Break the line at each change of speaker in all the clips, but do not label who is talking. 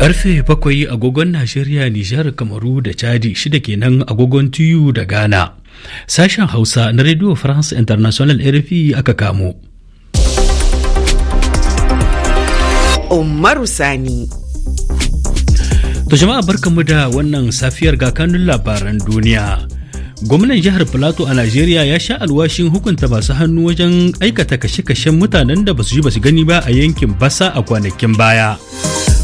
Karfe bakwai agogon Najeriya, Nijar, Kamaru da Chadi shida kenan agogon Tuyu da Ghana. Sashen Hausa na Radio France International RFI aka kamo.
Umaru Sani.
To jama'a barkamu da wannan safiyar ga kanun labaran duniya. Gwamnan jihar Filato a Najeriya ya sha alwashin hukunta masu hannu wajen aikata kashe-kashen mutanen da basu ji basu gani ba a yankin Basa a kwanakin baya.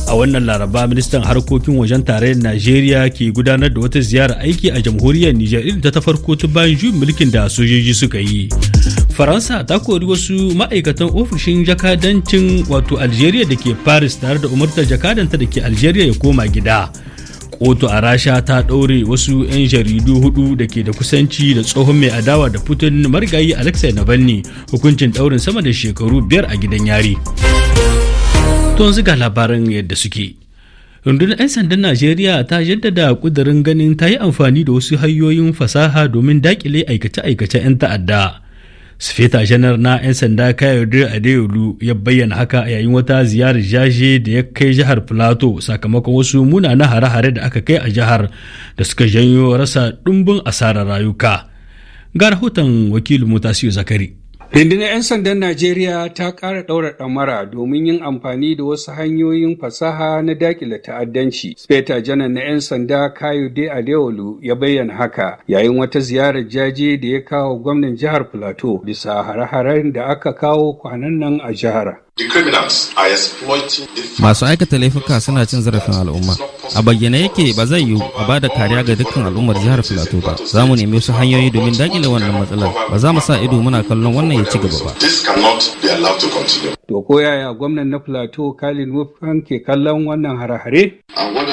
a wannan laraba ministan harkokin wajen tarayyar najeriya ke gudanar da wata ziyara aiki a jamhuriyar nijar irin ta farko ta bayan juyin mulkin da sojoji suka yi faransa ta kori wasu ma'aikatan ofishin jakadancin wato algeria da ke paris tare da umartar jakadanta da ke algeria ya koma gida kotu a rasha ta ɗaure wasu 'yan jaridu hudu da ke da kusanci da tsohon mai adawa da putin marigayi alexei navalny hukuncin ɗaurin sama da shekaru biyar a gidan yari. To yanzu ga labaran yadda suke. rundunar 'yan sandan najeriya ta jaddada kudirin ganin ta yi amfani da wasu hanyoyin fasaha domin dakile aikace-aikace 'yan ta'adda sufeta janar na 'yan sanda kayode adeyolu ya bayyana haka yayin wata ziyarar jaje da ya kai jihar Filato sakamakon wasu munana hare-hare da aka kai a jihar da suka janyo rasa dumbin asarar rayuka ga rahoton wakilin mutasiyo zakari
Rundunar 'yan sandan Najeriya ta ƙara ɗaura ɗamara domin yin amfani da wasu hanyoyin fasaha na dakile ta'addanci. Speta janar na 'yan sanda Kayode Adeolu ya bayyana haka yayin wata ziyarar jaje da ya kawo gwamnan jihar Plateau bisa hare-haren da aka kawo kwanan nan a jihar.
Masu aikata laifuka suna cin zarafin al'umma. A bayyane yake ba zai yiwu a da kariya ga dukkan al'ummar jihar Filato ba. Za mu nemi wasu hanyoyi domin dakile wannan matsalar. Ba za mu sa ido muna kallon wannan ya ci gaba ba.
To ko yaya gwamnan na Filato Kalin Wufan ke kallon wannan hare-hare? Abin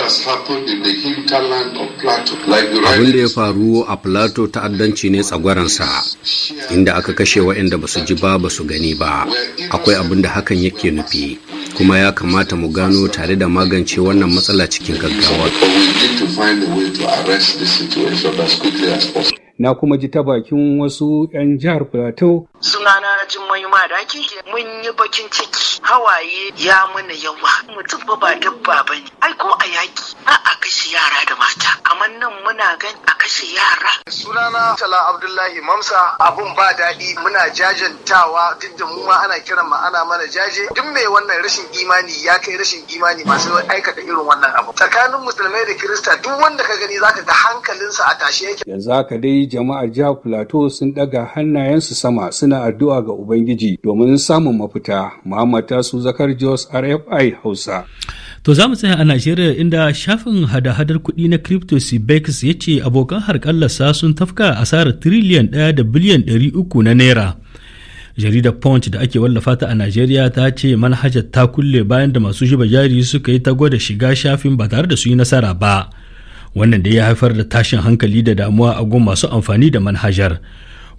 da ya faru a Plato ta'addanci ne tsagwaransa, inda aka kashe waɗanda ba su ji ba ba su gani ba, akwai abin da hakan yake nufi, kuma ya kamata mu gano tare da magance wannan matsala cikin gaggawa. na kuma ji ta bakin wasu 'yan jihar plateau
sunana na jin ma da ake mun yi bakin ciki hawaye ya mana yawa mutum ba ba dabba ba ne ai ko
Murtala Abdullahi Mamsa abun ba daɗi muna jajantawa duk da mu ma ana kiran ma ana mana jaje duk mai wannan rashin imani ya kai rashin imani masu aikata irin wannan abu tsakanin musulmai da kirista duk wanda ka gani zaka ga hankalinsa a tashe yake
yanzu
haka dai jama'ar jiha Plateau sun ɗaga hannayensu sama suna addu'a ga Ubangiji domin samun mafita Muhammad Tasu Zakar Jos RFI Hausa
To za mu tsaya a Najeriya inda shafin hada-hadar kuɗi na crypto CBEX ya ce abokan harkar harƙallarsa sun tafka asarar tiriliyan ɗaya da biliyan ɗari uku na naira. Jaridar Punch da ake wallafa ta a Najeriya ta ce manhajar ta kulle bayan da masu zuba jari suka yi ta gwada shiga shafin ba tare da su yi nasara ba. Wannan da ya haifar da tashin hankali da damuwa a gun masu amfani da manhajar.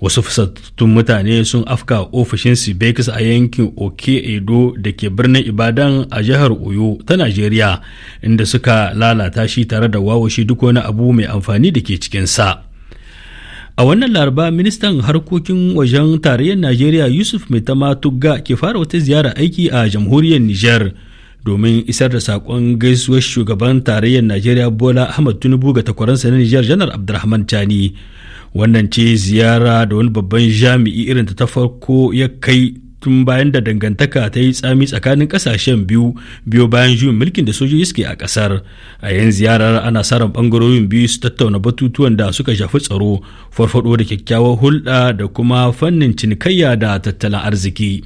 wasu fasattun mutane sun afka ofishin sibex a yankin oke edo da ke birnin ibadan a jihar oyo ta nigeria inda suka lalata shi tare da wawashi duk wani abu mai amfani da ke cikinsa a wannan laraba ministan harkokin wajen tarayyar nigeria yusuf maitama ke fara wata ziyara aiki a jamhuriyar niger domin isar da sakon gaisuwar shugaban tarayyar nigeria bola ahmad tinubu ga takwaransa na niger janar abdulrahman tani wannan ce ziyara da wani babban jami'i irin ta farko ya kai tun bayan da dangantaka ta yi tsami tsakanin kasashen biyu biyo bayan juyin mulkin da sojoji suke a kasar a yin ziyarar ana sa bangarorin biyu su tattauna batutuwan da suka shafi tsaro farfado da kyakkyawar hulɗa da kuma fannin cinikayya da tattalin arziki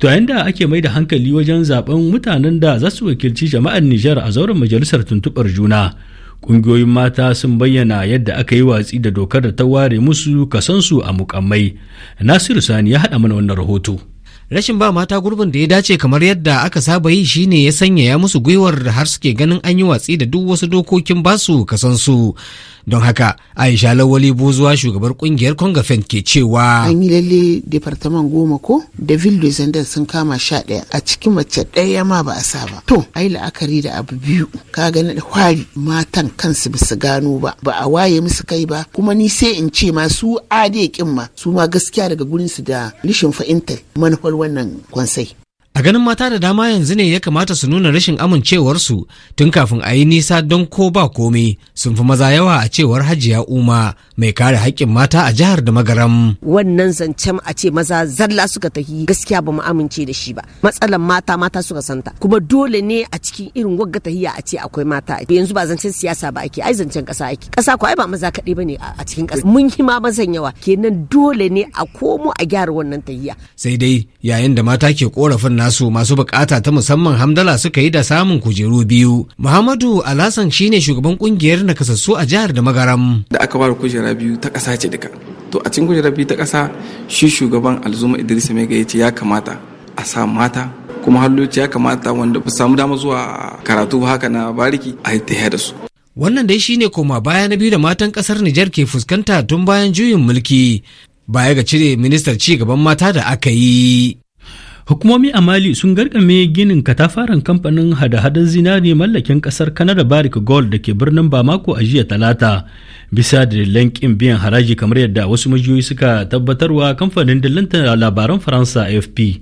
to yayin da ake mai da hankali wajen zaben mutanen da za su wakilci jama'ar Nijar a zauren majalisar tuntubar juna ƙungiyoyin mata sun bayyana yadda aka yi watsi da dokar da ta ware musu kasansu a mukammai nasiru sani ya haɗa mana wannan rahoto rashin ba
mata gurbin da ya dace kamar yadda aka saba yi shine ya sanya ya musu gwiwar har suke ganin an yi watsi da duk wasu dokokin basu kasansu don haka aisha lawali buzuwa shugabar kungiyar kongafen ke cewa an yi lalle departaman goma ko da de sun kama sha ɗaya a cikin mace ɗaya ma ba a sa ba to ai la'akari da abu biyu ka ga na hwari matan kansu ba su gano ba ba a waye musu kai ba kuma ni sai in ce ma su ade kin ma su ma gaskiya daga gurin su da rishin fahimtar manufar wannan kwansai a ganin mata da dama yanzu ne ya kamata su nuna rashin amincewarsu tun kafin a yi nisa don ko ba komai sun fi maza yawa a cewar hajiya uma mai kare haƙƙin mata a jihar da magaram
wannan zancen a ce maza zalla suka tafi gaskiya ba mu amince da shi ba matsalan mata mata suka santa kuma dole ne a cikin irin wagga tahiya a ce akwai mata yanzu ba zancen siyasa ba ake ai zancen ƙasa ake ƙasa ko ai ba maza kaɗai ba ne a cikin ƙasa mun yi ma mazan yawa kenan dole ne a komo a gyara wannan tahiya
sai dai yayin da mata ke korafin nasu masu bukata ta musamman hamdala suka yi da samun kujeru biyu muhammadu alhassan shine shugaban kungiyar nakasassu a jihar da magaram
da aka ware kujera biyu ta ƙasa ce duka to a cikin kujera biyu ta ƙasa shi shugaban alzuma idris mega ya ce ya kamata a sa mata kuma halloci ya kamata wanda ba samu dama zuwa karatu ba haka na bariki a yi ta da su
wannan dai shine koma baya na biyu da matan kasar Nijar ke fuskanta tun bayan juyin mulki baya ga cire ministar ci gaban mata da aka yi
Hukumomi a Mali sun garkame ginin katafaren kamfanin hada-hadar zinari mallakin kasar kanada Barrick Gold da ke birnin Bamako a jiya talata bisa dalilan ƙin biyan haraji kamar yadda wasu majiyoyi suka tabbatarwa kamfanin dillanta labaran Faransa AFP.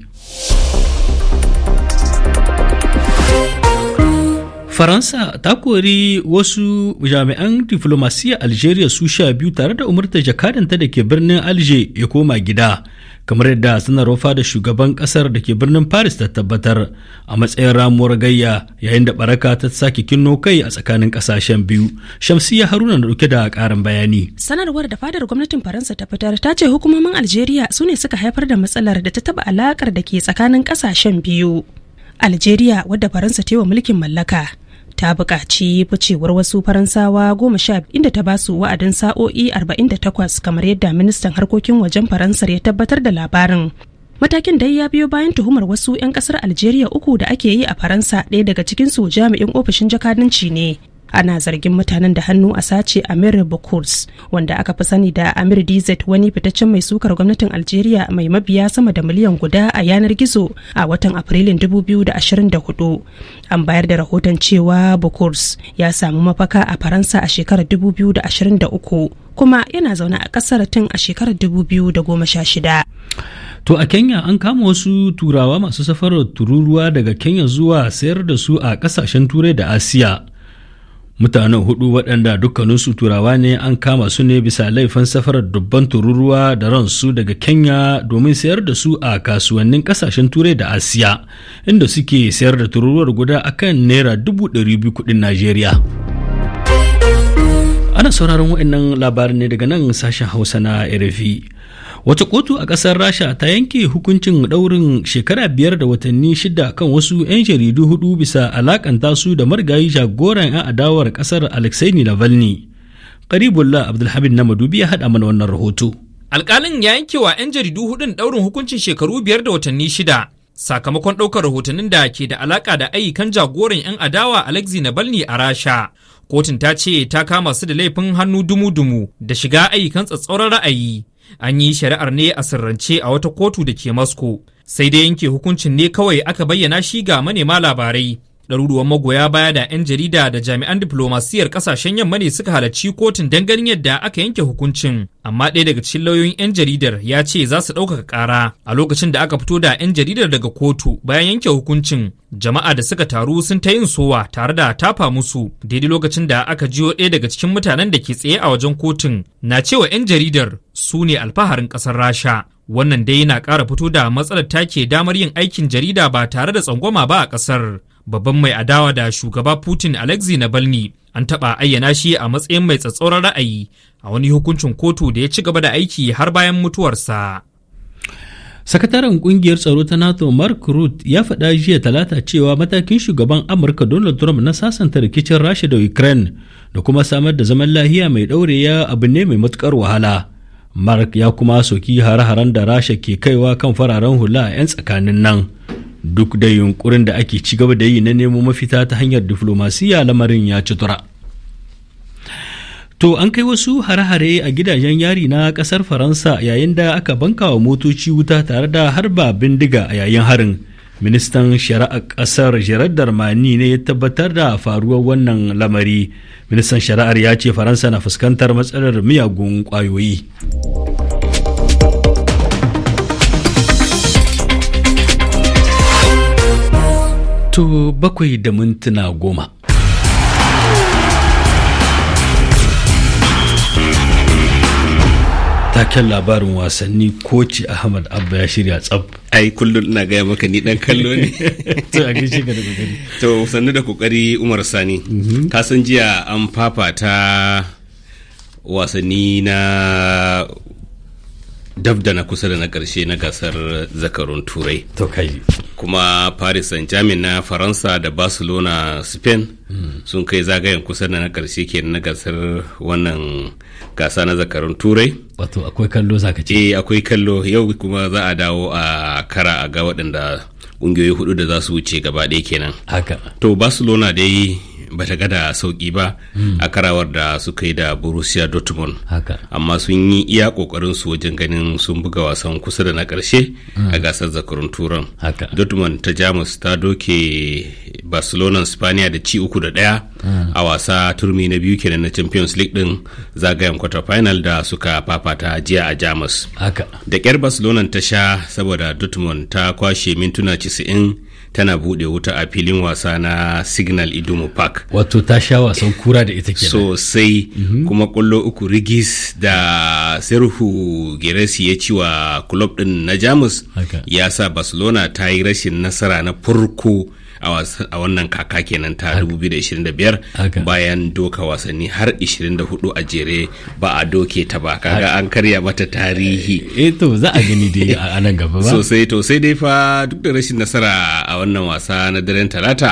Faransa ta kori wasu jami'an diflomasiyya Algeria su sha biyu tare da umarta jakadanta da ke birnin Alger ya koma gida kamar yadda rufa da shugaban kasar da ke birnin paris ta tabbatar a matsayin ramuwar gayya yayin da baraka ta sake kinno kai a tsakanin kasashen biyu shamsiyya haruna na dauke da karin bayani
sanarwar da fadar gwamnatin faransa ta fitar ta ce hukumomin algeria su ne suka haifar da matsalar da ta taba alakar da ke tsakanin kasashen biyu algeria wadda faransa ta yi wa mulkin mallaka ta buƙaci ficewar wasu faransawa goma sha inda ta ba su wa'adin sa'o'i takwas kamar yadda ministan harkokin wajen faransar ya tabbatar da labarin matakin dai ya biyo bayan tuhumar wasu 'yan kasar algeria uku da ake yi a faransa ɗaya daga cikinsu jami'in ofishin jakadanci ne ana zargin mutanen da hannu a sace amir bukurs wanda aka fi sani da amir dz wani fitaccen mai sukar gwamnatin algeria mai mabiya sama da miliyan guda a yanar gizo a watan afrilun 2024 an bayar da rahoton cewa bukurs ya samu mafaka a faransa a shekarar 2023 kuma yana zaune a kasar tun a shekarar 2016
To a Kenya an kama wasu turawa masu safarar tururuwa daga Kenya zuwa sayar da su a kasashen Turai da Asiya. mutanen hudu waɗanda dukkaninsu turawa ne an kama su ne bisa laifin safarar dubban tururuwa da ransu daga kenya domin sayar da su a kasuwannin kasashen turai da asiya inda suke sayar da tururuwar guda akan naira dubu ɗari biyu kuɗin najeriya ana sauraron waɗannan labarin ne daga nan sashen hausa na rfi wata kotu a ƙasar rasha ta yanke hukuncin ɗaurin shekara biyar da watanni shida kan wasu 'yan jaridu hudu bisa alakanta su da marigayi jagoran 'yan adawar ƙasar alexei navalny karibullah abdulhamid na madubi ya haɗa mana wannan rahoto
alƙalin ya yanke wa 'yan jaridu hudun ɗaurin hukuncin shekaru biyar da watanni shida sakamakon ɗaukar rahotannin da ke da alaƙa da ayyukan jagoran 'yan adawa alexei navalny a rasha Kotun ta ce ta kama su da laifin hannu dumu-dumu da shiga ayyukan tsatsauran ra'ayi. An yi shari'ar ne a sirrance a wata kotu da ke Moscow. Sai dai yanke hukuncin ne kawai aka bayyana shi ga manema labarai. Ɗaruruwan magoya baya da 'yan jarida da jami'an diflomasiyyar ƙasashen yamma ne suka halarci kotun don yadda aka yanke hukuncin. Amma ɗaya daga cikin lauyoyin 'yan jaridar ya ce za su ɗaukaka ƙara a lokacin da aka fito da 'yan jaridar daga kotu bayan yanke hukuncin. Jama'a da suka taru sun ta yin sowa tare da tafa musu daidai lokacin da aka jiyo ɗaya daga cikin mutanen da ke tsaye a wajen kotun na cewa 'yan jaridar su ne alfaharin ƙasar Rasha. wannan dai yana ƙara fito da matsalar take damar yin aikin jarida ba tare da tsangwama ba a ƙasar babban mai adawa da shugaba putin alexei navalny an taɓa ayyana shi a matsayin mai tsatsauran ra'ayi a wani hukuncin kotu da ya ci gaba da aiki har bayan mutuwarsa
sakataren kungiyar tsaro ta nato mark root ya faɗa jiya talata cewa matakin shugaban amurka donald trump na sasanta rikicin rasha da ukraine da kuma samar da zaman lahiya mai ɗaureya abu ne mai matukar wahala mark ya kuma soki hare-haren da rasha ke kaiwa kan fararen hula 'yan tsakanin nan duk da yunkurin da ake ci gaba da yi na nemo mafita ta hanyar diflomasiyya lamarin ya ci tura to an kai wasu hare-hare a gidajen yari na kasar faransa yayin da aka banka wa motoci wuta tare da harba bindiga a yayin harin ministan shari'ar kasar gerard darmani ne ya tabbatar da faruwar wannan lamari ministan shari'ar ya ce faransa na fuskantar matsalar miyagun kwayoyi Wato bakwai da mintuna goma.
taken labarin wasanni koci ahmad abba ya shirya tsab ai kullum ina gaya maka ni dan kallo ne
to a gishi ka da kokari
to sannu da kokari umar sani mhm. ka san jiya an fafata wasanni na dab na kusa da na karshe na gasar zakarun turai kuma paris saint germain na faransa da barcelona spain hmm. sun kai zagayen kusa da na karshe ke na gasar wannan gasa na zakarun turai wato
akwai kallo ka
ce eh akwai kallo yau kuma za a dawo a kara a ga waɗanda ƙungiyoyi hudu da za su wuce gaba ɗaya kenan haka to barcelona dai bata ga da sauki ba hmm. a karawar da suka yi da borussia dortmund amma sun yi iya kokarin su wajen ganin sun buga wasan kusa da na ƙarshe. a hmm. gasar zakarun turan dortmund ta jamus ta doke barcelona spaniya da ci uku da daya hmm. a wasa turmi na biyu kenan na champions league din zagayen quarter final da suka fafata jiya a jamus da kyar barcelona ta sha saboda dortmund ta kwashe mintuna 90 tana bude wuta a filin wasa na signal idumo park wato ta sha wasan
kura da ita kenan
sosai mm -hmm. kuma kwallo uku rigis da serhu geresi ya ci wa club din na jamus okay. ya sa barcelona ta yi rashin nasara na farko a wannan kaka kenan ta 2025 bayan doka wasanni har 24 a jere ba a doke ta ba kaga an karya mata tarihi e to za a gani dai a nan gaba ba sosai to sai dai fa duk da rashin nasara a wannan wasa na daren talata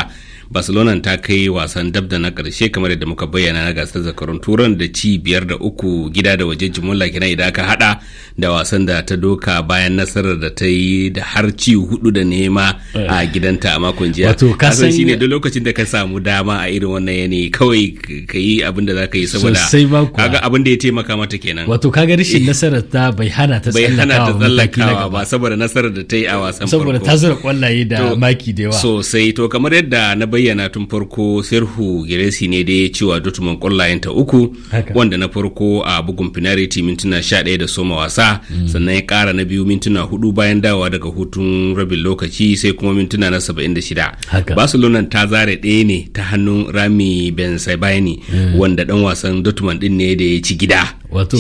barcelona ta kai wasan dab da na karshe kamar yadda muka bayyana na gasar zakarun turan da ci biyar da uku gida da waje jimola kina idan aka hada da wasan da ta doka bayan nasarar da ta yi da har ci hudu da nema eh. a gidanta a makon jiya wato kasan shine duk lokacin da ka samu dama a irin wannan yanayi kawai ka yi abin da zaka yi saboda kaga abin da ya taimaka mata kenan wato kaga rashin
eh. nasarar ta bai hana ta tsallakawa
ba saboda nasarar da ta yi a wasan farko saboda ta zura
kwallaye da maki da yawa
sosai to kamar yadda na bayyana tun farko Serhu Giresi ne dai cewa Dortmund ta uku wanda na farko a bugun finality mintuna 11 da soma wasa mm. sannan ya kara na biyu mintuna hudu bayan dawa daga hutun rabin lokaci sai kuma mintuna na 76. Barcelona ta zare ɗaya ne ta hannun Rami Ben Saibani mm. wanda dan wasan Dortmund din ne da ya ci gida. Wato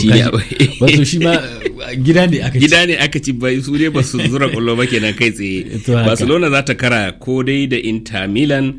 shi ma gida
ne aka ci. Gida ne aka ci bai su ne ba su zura kwallo ba kenan kai tsaye. Barcelona za ta kara ko dai da Inter Milan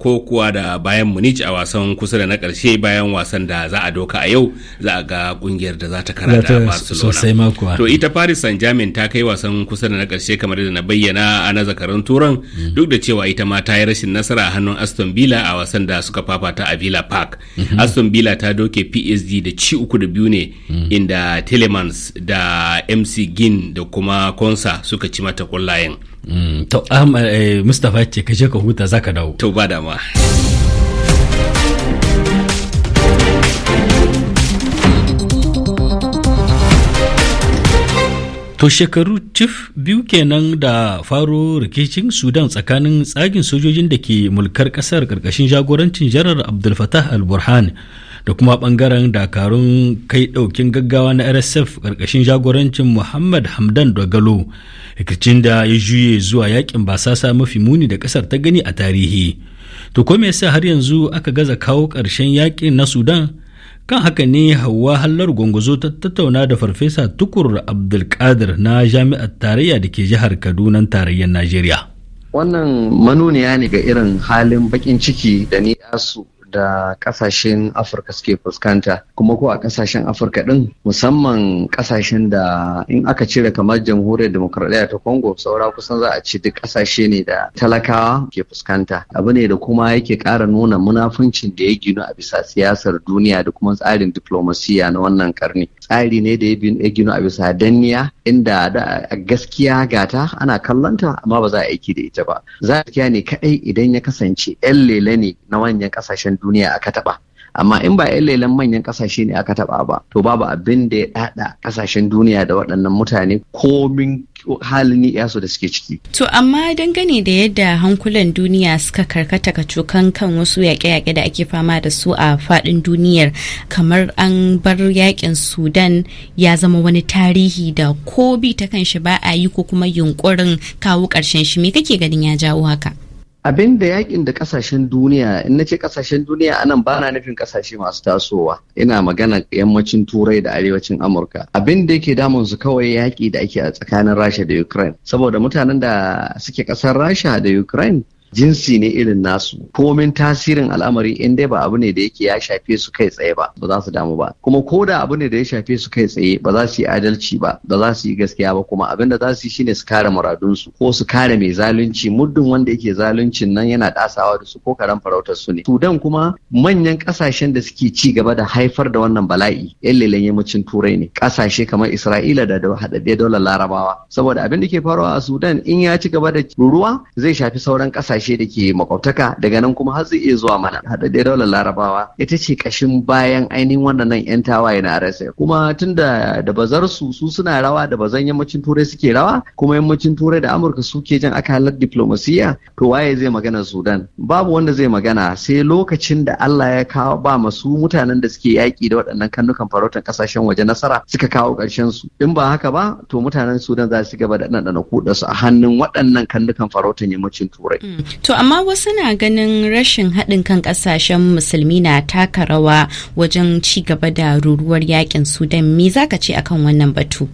ko kuwa da bayan munich a wasan kusa da na karshe bayan wasan da za a doka a yau za a ga ƙungiyar da za ta kara da barcelona to ita paris saint germain ta kai wasan kusa da na karshe kamar da na bayyana a na zakarun turan mm. duk da cewa ita ma ta yi rashin nasara a hannun aston villa a wasan da suka fafata a villa park mm-hmm. aston villa ta doke psg da ci uku da biyu ne mm. inda telemans da mc gin da kuma konsa suka ci mata kullayen mm. to
eh, mustapha ce kashe ka huta zaka dawo to ba dama no To shekaru cif biyu kenan da faro rikicin Sudan tsakanin tsagin sojojin da ke mulkar kasar karkashin jagorancin jarar Abdul Fattah al-Burhan da kuma bangaren dakarun kai daukin gaggawa na RSF karkashin jagorancin Muhammad Hamdan dogalo rikicin da ya juye zuwa yakin basasa mafi muni da kasar ta gani a tarihi. To ko me yasa har yanzu aka gaza kawo ƙarshen yaƙin na Sudan? Kan haka ne Hauwa Hallar Gwangwazo ta tattauna da Farfesa Tukur Abdulkadir na Jami'ar Tarayya da ke jihar Kaduna tarayyar Najeriya.
Wannan manuniya ne ga irin halin baƙin ciki da ni asu da kasashen afirka suke fuskanta kuma ko a kasashen afirka din musamman kasashen da in aka cire kamar jamhuriyar demokradiyya ta congo saura kusan za a ci duk kasashe ne da talakawa ke fuskanta abu ne da kuma yake kara nuna munafuncin da ya ginu a bisa siyasar duniya da kuma tsarin diplomasiya na wannan karni tsari ne da ya ginu a bisa danniya inda da gaskiya gata ana kallonta amma ba za a aiki da ita ba za a ne kadai idan ya kasance 'yan lele ne na manyan kasashen duniya aka taɓa amma in ba yan lailan manyan kasashe ne aka taɓa ba to babu abin da ya ɗaɗa kasashen duniya da waɗannan mutane komin halin yasu da suke ciki.
To amma dangane
da yadda hankulan duniya suka karkata kacokan kan wasu yaƙe-yaƙe da ake fama da su
a faɗin duniyar kamar an bar yaƙin Sudan ya zama wani tarihi da ko bi ta kan shi ba a yi ko kuma yunƙurin kawo ƙarshen shi me kake ganin ya jawo haka?
abin da yakin da kasashen duniya in na ce kasashen duniya anan bana nufin kasashe masu tasowa ina magana yammacin turai da arewacin amurka abin da yake damun su kawai yaki da ake a tsakanin rasha da ukraine saboda mutanen da suke ƙasar rasha da ukraine jinsi ne irin nasu komin tasirin al'amari in dai ba abu ne da yake ya shafe su kai tsaye ba ba za su damu ba kuma ko da abu ne da ya shafe su kai tsaye ba za su yi adalci ba ba za su yi gaskiya ba kuma abin da za su yi shine su kare muradunsu ko su kare mai zalunci muddin wanda yake zaluncin nan yana dasawa da su ko karan farautar su ne sudan kuma manyan kasashen da suke ci gaba da haifar da wannan bala'i yan lelen yammacin turai ne kasashe kamar isra'ila da haɗaɗɗiyar daular larabawa saboda abin da ke faruwa a sudan in ya ci gaba da ruwa zai shafi sauran kasashe kasashe da ke makwabtaka daga nan kuma har zai iya zuwa mana haɗaɗɗiyar daular larabawa ita ce kashin bayan ainihin wannan yan tawaye na rasa kuma tunda da bazar su su suna rawa da bazan yammacin turai suke rawa kuma yammacin turai da amurka suke jan aka halar diplomasiya to waye zai magana sudan babu wanda zai magana sai lokacin da allah ya kawo ba masu mutanen da suke yaƙi da waɗannan kannukan farautan ƙasashen waje nasara suka kawo ƙarshen su in ba haka ba to mutanen sudan za su gaba da ɗanɗana kuɗa su a hannun waɗannan kannukan farautan yammacin turai mm.
To amma wasu na ganin rashin haɗin kan ƙasashen musulmi na taka rawa wajen ci gaba da ruruwar yakin Sudan me zaka ce akan wannan batu?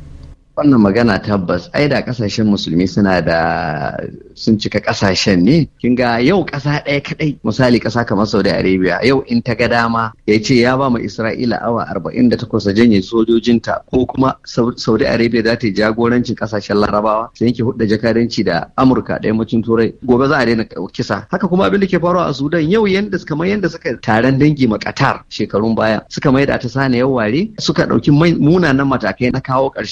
wannan magana tabbas ai da kasashen musulmi suna da sun cika kasashen ne kin ga yau kasa ɗaya kadai misali kasa kamar Saudi Arabia yau in ta ga dama ya ce ya ba mu Isra'ila awa 48 janye sojojinta ko kuma Saudi Arabia za ta yi jagorancin kasashen Larabawa sai yanke hudda jakadanci da Amurka da yammacin Turai gobe za a daina kisa haka kuma abin da ke faruwa a Sudan yau yanda kamar yanda suka taron dangi ma Qatar shekarun baya suka maida ta sani yau ware suka dauki munanan matakai na kawo ƙarshe